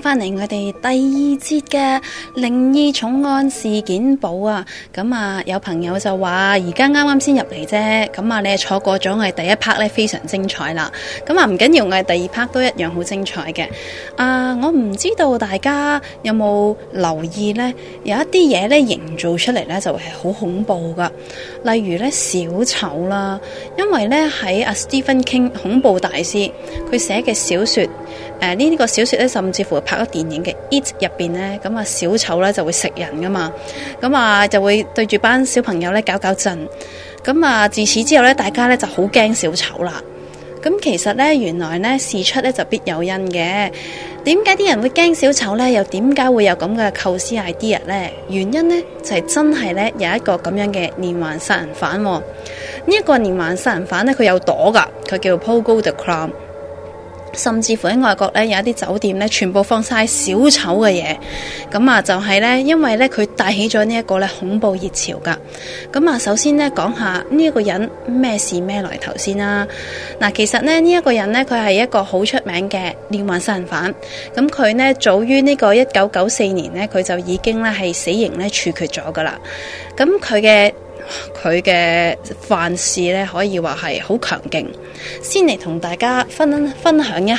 返嚟我哋第二節嘅靈異重案事件簿啊，咁啊有朋友就話而家啱啱先入嚟啫，咁啊你係錯過咗我哋第一 part 咧，非常精彩啦，咁啊唔緊要，我哋第二 part 都一樣好精彩嘅。啊，我唔知道大家有冇留意呢？有一啲嘢咧，營造出嚟咧，就係、是、好恐怖噶，例如咧，小丑啦，因為咧喺阿、啊、Stephen King，恐怖大師，佢寫嘅小說，誒、呃、呢、這個小說咧甚至乎。拍咗電影嘅、e《It》入邊呢，咁啊小丑呢就會食人噶嘛，咁啊就會對住班小朋友咧搞搞震，咁啊自此之後呢，大家咧就好驚小丑啦。咁其實呢，原來呢事出呢就必有因嘅。點解啲人會驚小丑呢？又點解會有咁嘅構思 idea 呢？原因呢，就係、是、真係呢有一個咁樣嘅連環殺人犯、哦。呢、這、一個連環殺人犯呢，佢有朵噶，佢叫 Pogo the Clown。甚至乎喺外國咧，有一啲酒店咧，全部放晒小丑嘅嘢。咁啊，就係咧，因為咧，佢帶起咗呢一個咧恐怖熱潮噶。咁啊，首先咧，講下呢一個人咩事咩來頭先啦。嗱，其實呢，呢一個人咧，佢係一個好出名嘅連環殺人犯。咁佢呢，早於呢個一九九四年呢，佢就已經咧係死刑咧處決咗噶啦。咁佢嘅佢嘅犯事咧，可以話係好強勁。先嚟同大家分分享一下，誒、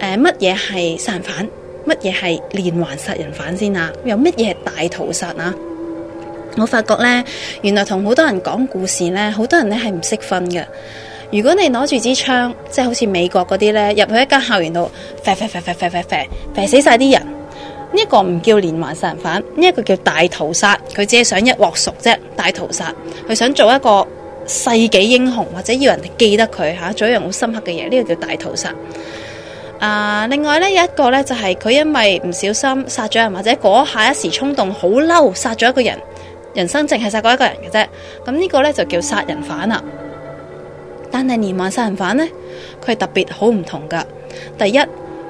呃，乜嘢係殺人犯？乜嘢係連環殺人犯先啊？又乜嘢係大屠殺啊？我發覺呢，原來同好多人講故事呢，好多人咧係唔識分嘅。如果你攞住支槍，即係好似美國嗰啲呢，入去一間校園度，射射射射射射射死晒啲人。呢一個唔叫連環殺人犯，呢一個叫大屠殺。佢只係想一鑊熟啫，大屠殺。佢想做一個世紀英雄，或者要人哋記得佢吓，做一樣好深刻嘅嘢。呢個叫大屠殺。啊，另外呢，有一個呢，就係佢因為唔小心殺咗人，或者嗰下一時衝動好嬲殺咗一個人，人生淨係殺過一個人嘅啫。咁呢個呢，就叫殺人犯啦。但係連環殺人犯呢，佢係特別好唔同噶。第一。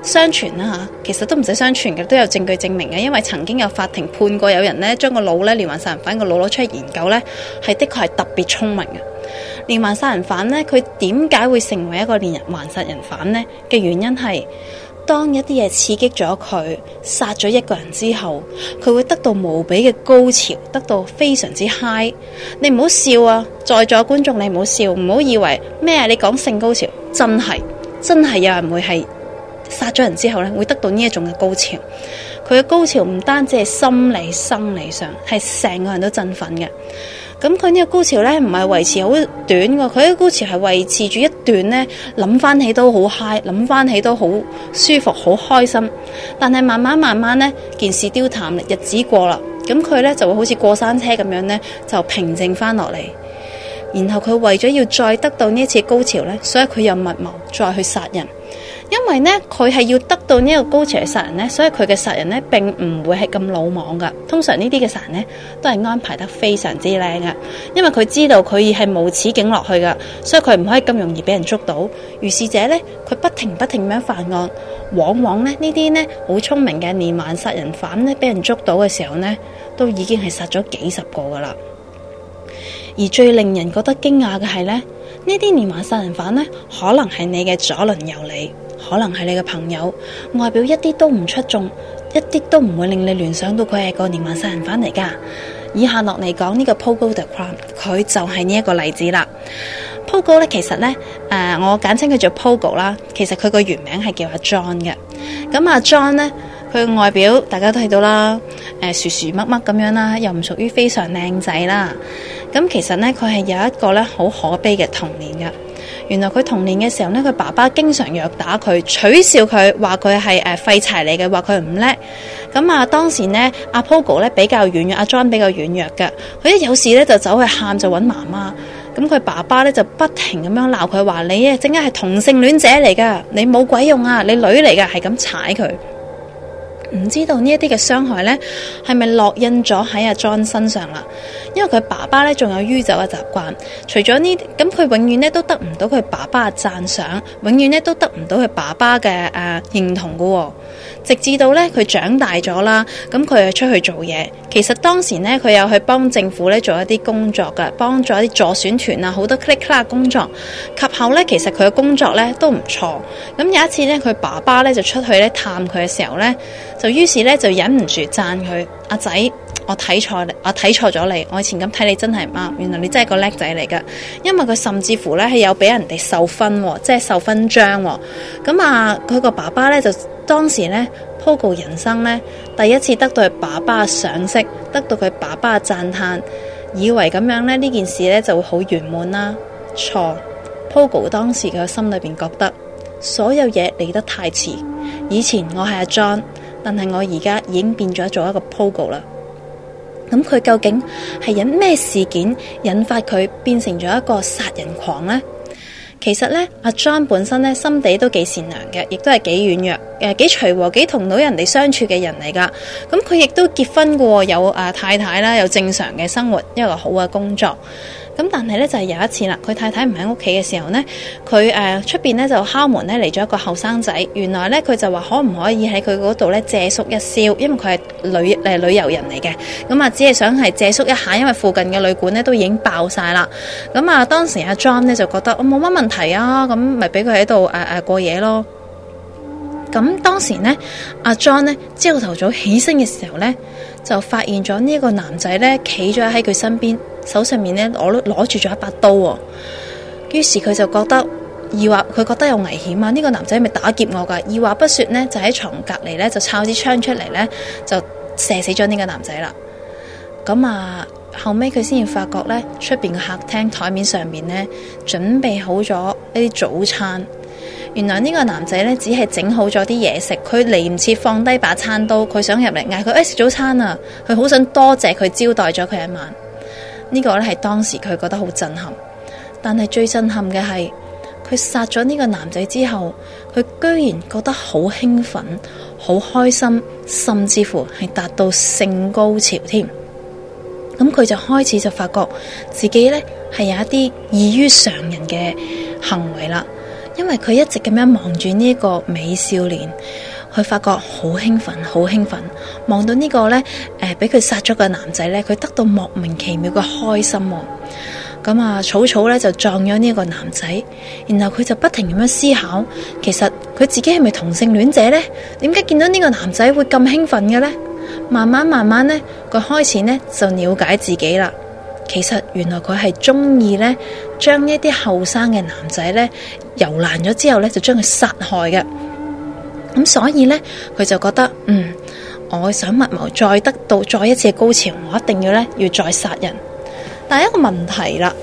相傳啦吓，其實都唔使相傳嘅，都有證據證明嘅。因為曾經有法庭判過，有人咧將個腦咧，連環殺人犯個腦攞出嚟研究，呢係的確係特別聰明嘅。連環殺人犯呢，佢點解會成為一個連環殺人犯呢？嘅原因係，當一啲嘢刺激咗佢殺咗一個人之後，佢會得到無比嘅高潮，得到非常之嗨。你唔好笑啊，在座觀眾你唔好笑，唔好以為咩你講性高潮，真係真係有人會係。殺咗人之後咧，會得到呢一種嘅高潮。佢嘅高潮唔單止係心理、生理上，係成個人都振奮嘅。咁佢呢個高潮咧，唔係維持好短嘅，佢嘅高潮係維持住一段呢，諗翻起都好嗨，諗翻起都好舒服、好開心。但係慢慢慢慢呢，件事凋淡啦，日子過啦，咁佢咧就會好似過山車咁樣呢，就平靜翻落嚟。然後佢為咗要再得到呢一次高潮呢，所以佢又密謀再去殺人。因為呢，佢係要得到呢個高潮嘅殺人呢，所以佢嘅殺人呢，並唔會係咁魯莽噶通常呢啲嘅殺人呢，都係安排得非常之靚嘅。因為佢知道佢係無止境落去噶，所以佢唔可以咁容易俾人捉到。如是者呢，佢不停不停咁樣犯案，往往呢呢啲呢好聰明嘅連環殺人犯呢，俾人捉到嘅時候呢，都已經係殺咗幾十個噶啦。而最令人覺得驚訝嘅係呢，呢啲連環殺人犯呢，可能係你嘅左鄰右里。可能係你嘅朋友，外表一啲都唔出眾，一啲都唔會令你聯想到佢係個連環殺人犯嚟噶。以下落嚟講呢，這個 Pogo the Clown，佢就係呢一個例子啦。Pogo 咧，其實呢，誒、呃，我簡稱佢做 Pogo 啦。其實佢個原名係叫阿 John 嘅。咁阿、啊、John 呢，佢嘅外表大家都睇到啦，誒、呃，薯薯乜乜咁樣啦，又唔屬於非常靚仔啦。咁其實呢，佢係有一個咧好可悲嘅童年嘅。原來佢童年嘅時候呢，佢爸爸經常虐打佢，取笑佢，話佢係誒廢柴嚟嘅，話佢唔叻。咁啊，當時呢，阿 Pogo 咧比較軟弱，阿 John 比較軟弱嘅，佢一有事呢，就走去喊，就揾媽媽。咁佢爸爸呢，就不停咁樣鬧佢，話你咧正係同性戀者嚟噶，你冇鬼用啊，你女嚟噶，係咁踩佢。唔知道呢一啲嘅傷害呢係咪烙印咗喺阿 John 身上啦？因為佢爸爸呢仲有酗酒嘅習慣，除咗呢，咁佢永遠呢都得唔到佢爸爸嘅讚賞，永遠呢都得唔到佢爸爸嘅誒、呃、認同嘅、啊。直至到咧佢長大咗啦，咁佢又出去做嘢。其實當時咧，佢有去幫政府咧做一啲工作㗎，幫咗一啲助選團啊，好多 click 啦工作。及後咧，其實佢嘅工作咧都唔錯。咁有一次咧，佢爸爸咧就出去咧探佢嘅時候咧，就於是咧就忍唔住讚佢阿仔。我睇錯你，我睇錯咗你。我以前咁睇你真係唔啱，原來你真係個叻仔嚟噶。因為佢甚至乎呢，係有俾人哋授勳，即係授勳章。咁啊，佢個爸爸呢，就當時呢 Pogo 人生呢，第一次得到佢爸爸賞識，得到佢爸爸讚嘆，以為咁樣呢，呢件事呢就會好圓滿啦。錯，Pogo 當時佢心裏邊覺得所有嘢嚟得太遲。以前我係阿 John，但係我而家已經變咗做一個 Pogo 啦。咁佢究竟係因咩事件引發佢變成咗一個殺人狂呢？其實呢，阿、啊、John 本身呢，心地都幾善良嘅，亦都係幾軟弱、誒幾隨和、幾同到人哋相處嘅人嚟噶。咁佢亦都結婚過，有誒、啊、太太啦，有正常嘅生活，一個好嘅工作。咁但係咧，就係、是、有一次啦，佢太太唔喺屋企嘅時候呢，佢誒出邊呢就敲門咧，嚟咗一個後生仔，原來呢，佢就話可唔可以喺佢嗰度呢借宿一宵，因為佢係旅誒旅遊人嚟嘅，咁啊只係想係借宿一下，因為附近嘅旅館呢都已經爆晒啦。咁啊當時阿、啊、John 咧就覺得我冇乜問題啊，咁咪俾佢喺度誒誒過夜咯。咁、啊、當時呢，阿、啊、John 咧朝頭早起身嘅時候呢，就發現咗呢一個男仔呢企咗喺佢身邊。手上面咧，攞都攞住咗一把刀，喎。於是佢就覺得二話，佢覺得有危險啊！呢個男仔係咪打劫我噶。二話不說呢，就喺床隔籬咧，就抄支槍出嚟呢，就射死咗呢個男仔啦。咁啊，後尾佢先至發覺呢，出邊嘅客廳台面上面呢，準備好咗呢啲早餐。原來呢個男仔呢，只係整好咗啲嘢食，佢嚟唔切放低把餐刀，佢想入嚟嗌佢誒食早餐啊！佢好想多謝佢招待咗佢一晚。呢個咧係當時佢覺得好震撼。但係最震撼嘅係佢殺咗呢個男仔之後，佢居然覺得好興奮、好開心，甚至乎係達到性高潮添。咁佢就開始就發覺自己呢係有一啲異於常人嘅行為啦，因為佢一直咁樣望住呢個美少年。佢發覺好興奮，好興奮，望到呢個呢，誒，俾佢殺咗個男仔呢，佢得到莫名其妙嘅開心喎。咁啊，草草呢，就撞咗呢個男仔，然後佢就不停咁樣思考，其實佢自己係咪同性戀者呢？點解見到呢個男仔會咁興奮嘅呢？慢慢慢慢呢，佢開始呢，就了解自己啦。其實原來佢係中意呢，將一啲後生嘅男仔呢，游爛咗之後呢，就將佢殺害嘅。咁所以呢，佢就覺得嗯，我想密謀再得到再一次高潮，我一定要呢要再殺人。但係一個問題啦，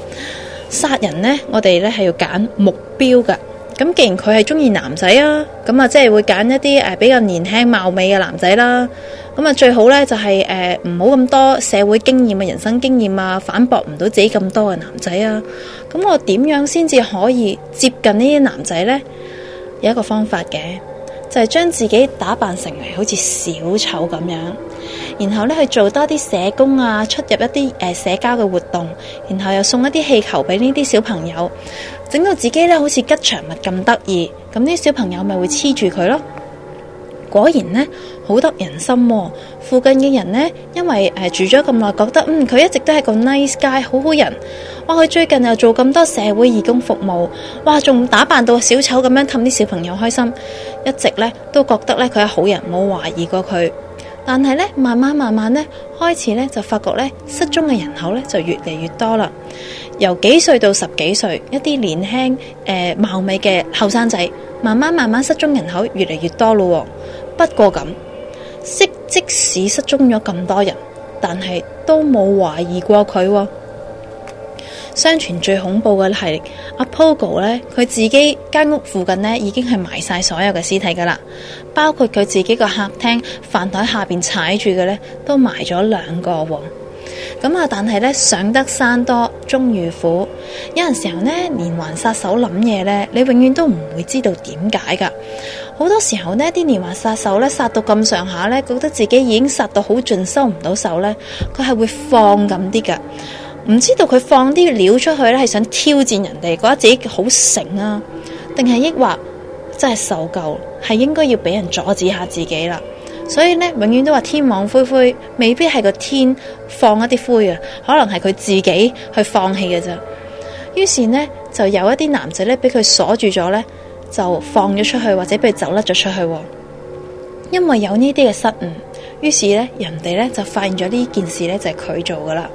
殺人呢，我哋呢係要揀目標噶。咁既然佢係中意男仔啊，咁啊即係會揀一啲誒、呃、比較年輕貌美嘅男仔啦，啊。咁啊最好呢，就係誒唔好咁多社會經驗啊，人生經驗啊，反駁唔到自己咁多嘅男仔啊。咁我點樣先至可以接近呢啲男仔呢？有一個方法嘅。就係將自己打扮成為好似小丑咁樣，然後咧，去做多啲社工啊，出入一啲誒、呃、社交嘅活動，然後又送一啲氣球俾呢啲小朋友，整到自己咧，好似吉祥物咁得意，咁啲小朋友咪會黐住佢咯。果然呢，好得人心，哦。附近嘅人呢，因為誒、呃、住咗咁耐，覺得嗯佢一直都係個 nice guy，好好人。哇、哦，佢最近又做咁多社會義工服務，哇，仲打扮到小丑咁樣氹啲小朋友開心。一直呢，都覺得呢佢係好人，冇懷疑過佢。但係呢，慢慢慢慢呢，開始呢，就發覺呢，失蹤嘅人口呢就越嚟越多啦。由幾歲到十幾歲，一啲年輕誒貌、呃、美嘅後生仔，慢慢慢慢失蹤人口越嚟越多咯。不過咁，即即使失蹤咗咁多人，但係都冇懷疑過佢哦。相傳最恐怖嘅係阿 Pogo 呢，佢自己間屋附近呢已經係埋晒所有嘅屍體噶啦，包括佢自己個客廳飯台下邊踩住嘅呢都埋咗兩個。咁啊，但係呢，上得山多終遇虎，有陣時候呢，連環殺手諗嘢，呢，你永遠都唔會知道點解噶。好多時候呢，啲連環殺手咧殺到咁上下咧，覺得自己已經殺到好盡，收唔到手咧，佢係會放咁啲噶，唔知道佢放啲料出去咧係想挑戰人哋，覺得自己好醒啊，定係抑或真係受夠，係應該要俾人阻止下自己啦。所以咧，永遠都話天網恢恢，未必係個天放一啲灰啊，可能係佢自己去放棄嘅啫。於是呢，就有一啲男仔咧俾佢鎖住咗咧，就放咗出去，或者被走甩咗出去，因為有呢啲嘅失誤，於是呢，人哋呢就發現咗呢件事呢就係佢做噶啦。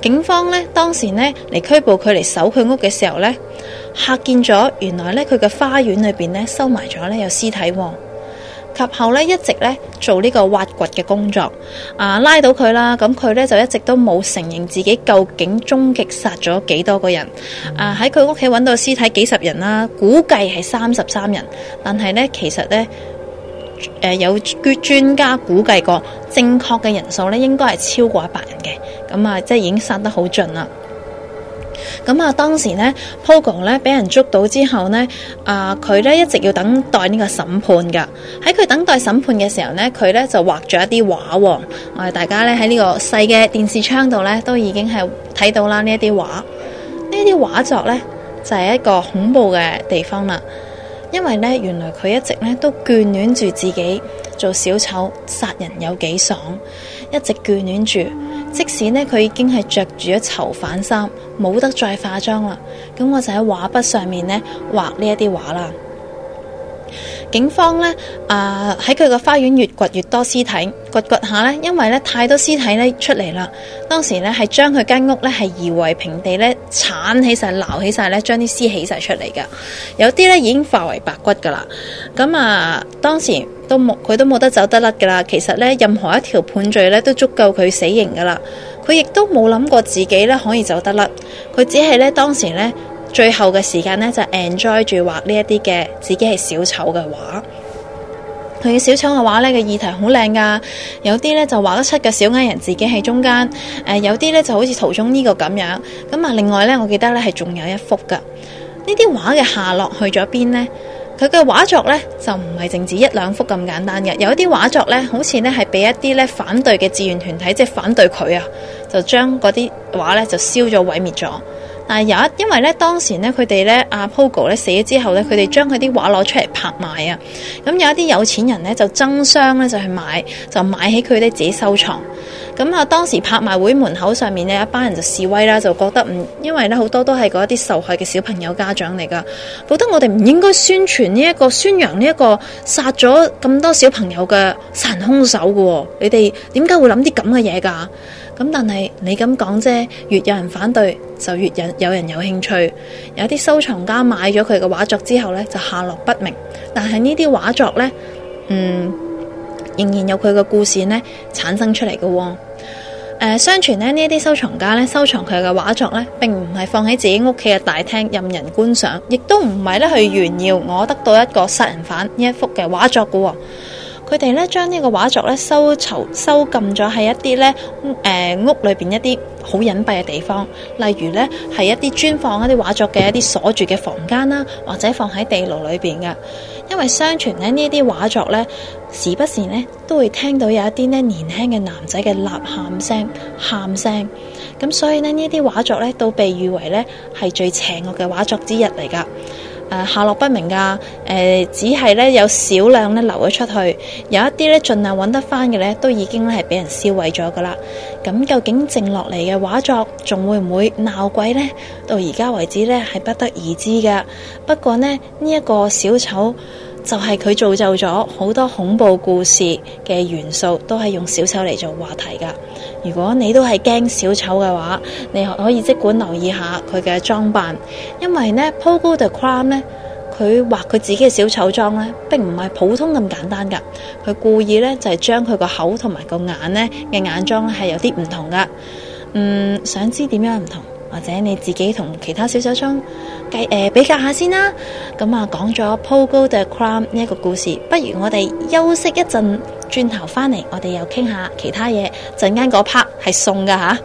警方呢當時呢嚟，拘捕佢嚟搜佢屋嘅時候客呢，吓見咗原來呢，佢嘅花園裏邊呢收埋咗呢有屍體。及後咧一直咧做呢個挖掘嘅工作，啊拉到佢啦，咁佢咧就一直都冇承認自己究竟終極殺咗幾多個人，啊喺佢屋企揾到屍體幾十人啦，估計係三十三人，但係咧其實咧誒、呃、有專專家估計過，正確嘅人數咧應該係超過一百人嘅，咁、嗯、啊即係已經殺得好盡啦。咁啊，當時呢 Pogo 咧俾人捉到之後呢，啊、呃，佢咧一直要等待呢個審判噶。喺佢等待審判嘅時候呢，佢呢，就畫咗一啲畫。我哋大家咧喺呢個細嘅電視窗度呢，都已經係睇到啦呢一啲畫。呢啲畫作呢，就係、是、一個恐怖嘅地方啦，因為呢，原來佢一直呢，都眷戀住自己做小丑，殺人有幾爽，一直眷戀住。佢已經係著住咗囚犯衫，冇得再化妝啦。咁我就喺畫筆上面咧畫呢一啲畫啦。.警方呢，啊喺佢個花園越掘越多屍體，掘掘下呢，因為呢太多屍體呢出嚟啦。當時呢，係將佢間屋呢係夷為平地呢，鏟起晒、撈起晒呢，將啲屍起晒出嚟噶。有啲呢已經化為白骨噶啦。咁啊，當時都冇佢都冇得走得甩噶啦。其實呢，任何一條判罪呢都足夠佢死刑噶啦。佢亦都冇諗過自己呢可以走得甩，佢只係呢，當時呢。最後嘅時間呢，就 enjoy 住畫呢一啲嘅自己係小丑嘅畫，佢嘅小丑嘅畫呢，嘅議題好靚噶，有啲呢，就畫得出個小矮人自己喺中間，誒、呃、有啲呢，就好似圖中呢個咁樣，咁啊另外呢，我記得呢，係仲有一幅噶，呢啲畫嘅下落去咗邊呢？佢嘅畫作呢，就唔係淨止一兩幅咁簡單嘅，有啲畫作呢，好似呢，係俾一啲呢反對嘅志願團體即係、就是、反對佢啊，就將嗰啲畫呢，就燒咗毀滅咗。嗱，但有一，因為咧當時咧佢哋咧阿 Pogo 咧死咗之後咧，佢哋將佢啲畫攞出嚟拍賣啊，咁、嗯、有一啲有錢人咧就爭相咧就去買，就買起佢哋自己收藏。咁、嗯、啊，當時拍賣會門口上面咧一班人就示威啦，就覺得唔，因為咧好多都係嗰一啲受害嘅小朋友家長嚟噶，覺得我哋唔應該宣傳呢一個、宣揚呢一個殺咗咁多小朋友嘅殺人兇手噶、哦，你哋點解會諗啲咁嘅嘢噶？咁但係你咁講啫，越有人反對，就越有有人有興趣。有啲收藏家買咗佢嘅畫作之後呢，就下落不明。但係呢啲畫作呢，嗯，仍然有佢嘅故事呢產生出嚟嘅、哦。誒、呃，相傳呢，呢啲收藏家呢收藏佢嘅畫作呢，並唔係放喺自己屋企嘅大廳任人觀賞，亦都唔係咧去炫耀我得到一個殺人犯呢一幅嘅畫作嘅、哦。佢哋咧將呢個畫作咧收藏收禁咗喺一啲咧誒屋裏邊一啲好隱蔽嘅地方，例如咧係一啲專放一啲畫作嘅一啲鎖住嘅房間啦，或者放喺地牢裏邊噶。因為相傳咧呢啲畫作咧，時不時咧都會聽到有一啲咧年輕嘅男仔嘅吶喊聲、喊聲，咁所以咧呢啲畫作咧都被譽為咧係最邪惡嘅畫作之一嚟噶。誒，下落不明噶，誒、呃，只係咧有少量咧流咗出去，有一啲咧盡量揾得翻嘅咧，都已經咧係俾人燒毀咗噶啦。咁究竟剩落嚟嘅畫作，仲會唔會鬧鬼呢？到而家為止呢係不得而知嘅。不過呢，呢、這、一個小丑。就係佢造就咗好多恐怖故事嘅元素，都係用小丑嚟做話題噶。如果你都係驚小丑嘅話，你可以即管留意下佢嘅裝扮，因為呢 Pogo the Clown 咧，佢畫佢自己嘅小丑妝呢，並唔係普通咁簡單噶。佢故意呢，就係、是，將佢個口同埋個眼呢嘅眼妝咧係有啲唔同噶。嗯，想知點樣唔同？或者你自己同其他小手蔥計誒比較下先啦。咁、嗯、啊，講咗 Pogo the Clown 呢一個故事，不如我哋休息一陣，轉頭翻嚟我哋又傾下其他嘢。陣間個 part 係送噶吓。啊